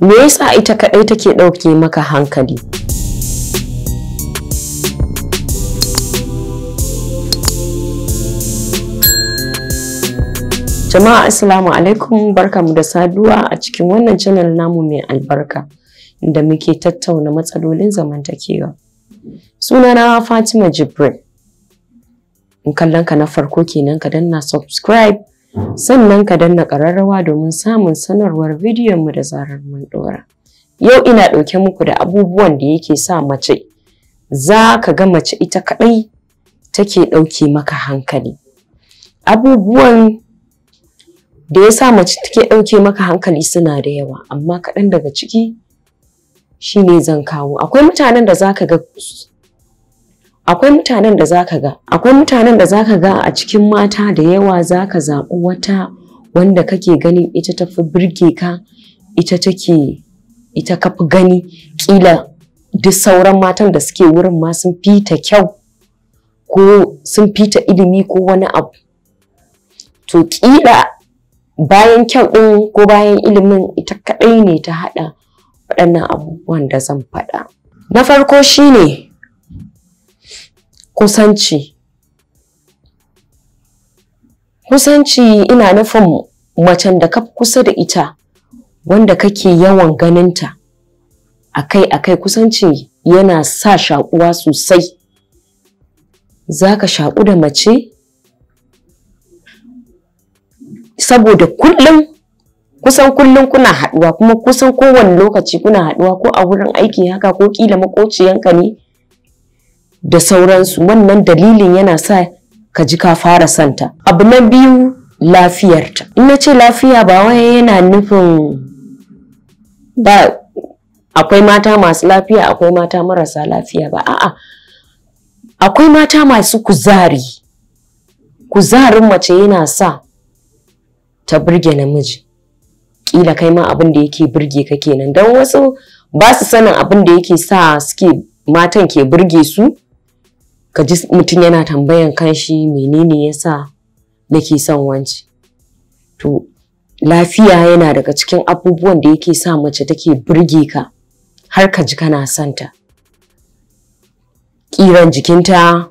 me yasa ita kaɗai take ɗauke maka hankali jama'a assalamu alaikum barkamu da saduwa a cikin wannan channel namu mai albarka da muke tattauna matsalolin zamantakewa Suna na fatima jibril in kallon ka na farko kenan ka danna subscribe sannan ka danna ƙararrawa domin samun sanarwar bidiyonmu da zarar mun ɗora. Yau ina ɗauke muku da abubuwan da yake sa mace, za ka ga mace ita kaɗai take ɗauke maka hankali. Abubuwan da ya sa mace take ɗauke maka hankali suna da yawa, amma kaɗan daga ciki shine zan kawo. Akwai mutanen da za ka ga akwai mutanen da zaka ga akwai mutanen da zaka ga a cikin mata da yawa zaka zaɓi wata wanda kake ganin ita ta fi birge ka ita take ita ka fi gani ƙila. duk sauran matan da suke wurin ma sun fi kyau ko sun fi ilimi ko wani abu to kila bayan kyau ɗin ko bayan ilimin ita kaɗai ne ta haɗa waɗannan abubuwan da zan faɗa. Na farko shine kusanci kusanci ina nufin macen da ka kusa da ita wanda kake yawan ganinta akai-akai kusanci yana sa shakuwa sosai za ka shaƙu da mace saboda kullum kusan kullum kuna haɗuwa kuma kusan kowane lokaci kuna haɗuwa ko a wurin aiki haka ko kila maƙociyanka ne da sauransu wannan dalilin yana sa ka ji ka fara santa abu na biyu lafiyarta in na ce lafiya ba wai yana nufin ba akwai mata masu lafiya akwai mata marasa lafiya ba a'a akwai mata masu kuzari kuzarin mace yana sa ta birge namiji kila kai ma abin da yake birge ka kenan don wasu ba su sanin abin da yake sa suke matan ke birge su ka ji mutum yana tambayan kanshi menene yasa nake son wanci to lafiya yana daga cikin abubuwan da yake sa mace take burge ka har ka ji kana santa ƙiran jikinta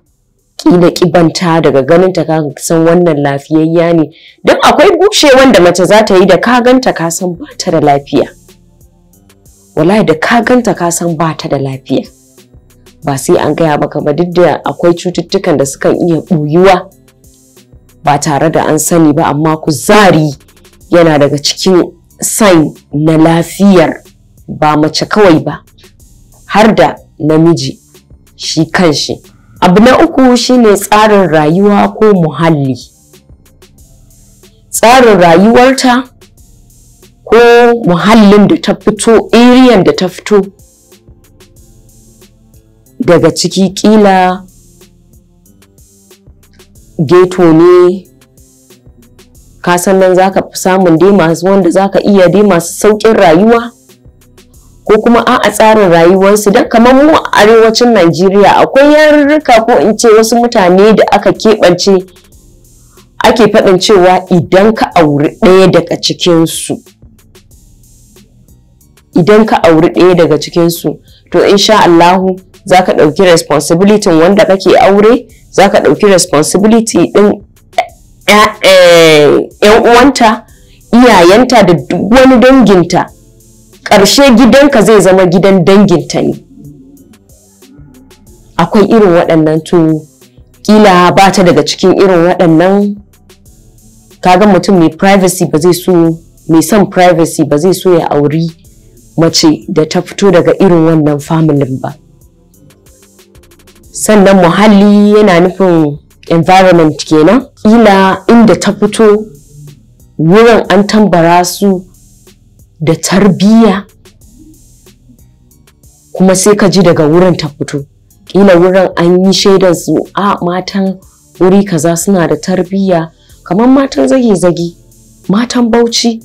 ƙila ƙibanta daga ganinta ka san wannan lafiyayya ne don akwai bushe wanda mace za ta yi da ka ganta ka san ba ta da lafiya wallahi da ka ganta ka san ba ta da lafiya ba sai an gaya maka ba duk da akwai cututtukan da sukan iya buyuwa ba tare da an sani ba amma kuzari yana daga cikin sign na lafiyar ba mace kawai ba har da namiji shi kanshi abu na uku shine tsarin rayuwa ko muhalli tsarin rayuwarta ko muhallin da ta fito iriyan da ta fito daga ciki kila ghetto ne kasan nan zaka fi samun dai masu wanda zaka iya dai masu sauƙin rayuwa ko kuma a tsarin rayuwarsu don kamar mu a arewacin najeriya akwai yarurruka ko in ce wasu mutane da aka keɓance ake faɗin cewa idan ka auri ɗaya daga cikinsu idan ka auri ɗaya daga cikinsu to insha Allahu za ka ɗauki responsibility wanda kake aure za ka ɗauki responsibility ɗin yan eh, uwanta iyayenta da duk wani danginta ƙarshe gidanka zai zama gidan danginta ne akwai irin waɗannan to kila ba ta daga cikin irin waɗannan kaga mutum mai privacy ba zai so mai son privacy ba zai so ya auri mace da ta fito daga irin wannan familin ba. sannan muhalli yana nufin environment kenan ila inda ta fito wurin an tambara su da tarbiyya kuma sai ka ji daga wurin ta fito ƙila wurin an yi shaidar su a matan wuri kaza suna da tarbiyya kamar matan zage zagi matan bauchi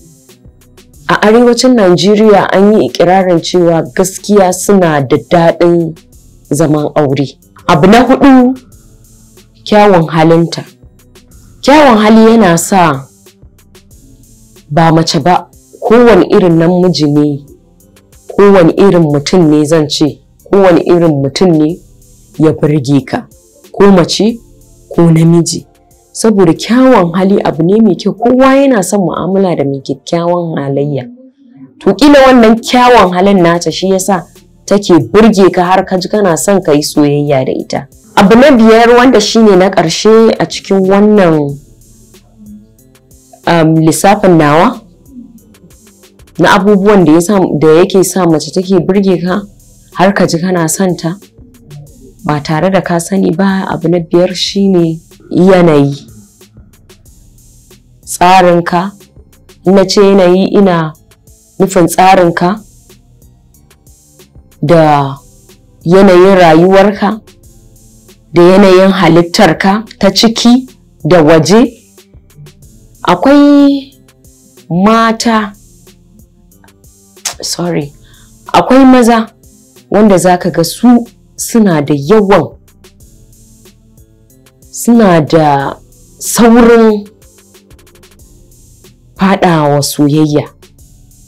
a arewacin najeriya an yi ikirarin cewa gaskiya suna da daɗin zaman aure abu na hudu kyawun halinta kyawun hali yana sa ba mace ba kowane irin namiji ne kowane irin mutum ne zan ce kowane irin mutum ne ya birge ka ko mace ko namiji saboda kyawun hali abu ne mai kyau kowa yana son mu'amala da mai kyakkyawan halayya to kila wannan kyawun halin nata shi yasa take burge ka har ka ji kana son ka yi soyayya da ita abu na biyar wanda shine na ƙarshe a cikin wannan um, lissafin nawa na abubuwan da yake sa mace take burge ka har ka ji kana son ta ba tare da ka sani ba abu na biyar shine yanayi tsarinka na ce yanayi ina nufin tsarinka da yanayin rayuwarka da yanayin halittarka ta ciki da waje akwai mata sorry akwai maza wanda za ka ga su suna da yawan suna da saurin faɗawa soyayya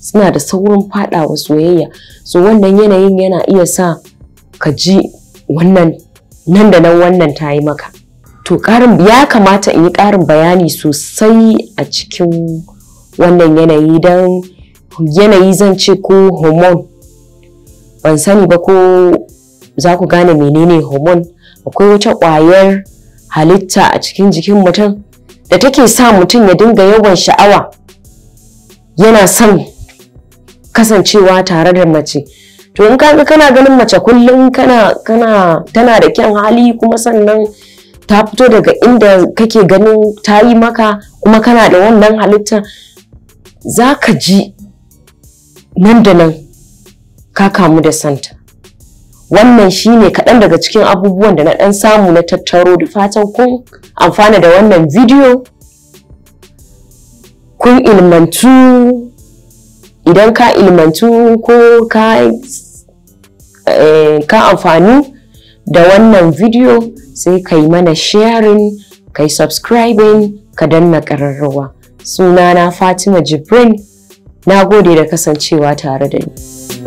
suna da saurin faɗawa soyayya so wannan yanayin yana iya sa ka ji wannan nan da nan wannan ta yi maka to ƙarin ya kamata in yi ƙarin bayani sosai a cikin wannan yanayi don yanayi zan ce ko homon, ban sani ba ko za ku gane menene homon. akwai wata ƙwayar halitta a cikin jikin mutum da take sa mutum ya dinga yawan sha'awa yana son kasancewa tare da mace to in ka kana ganin mace kullum kana kana tana da kyan hali kuma sannan ta fito daga inda kake ganin ta yi maka kuma kana da wannan halitta za ka ji nan da nan ka kamu da santa wannan shi ne kaɗan daga cikin abubuwan da na ɗan samu na tattaro da fatan kun amfana da wannan bidiyo kun ilmantu idan ka ilmantu ko ka eh, ka amfani da wannan video sai ka yi mana sharing ka yi subscribing ka danna ƙararrawa sunana fatima jibrin na gode da kasancewa tare da ni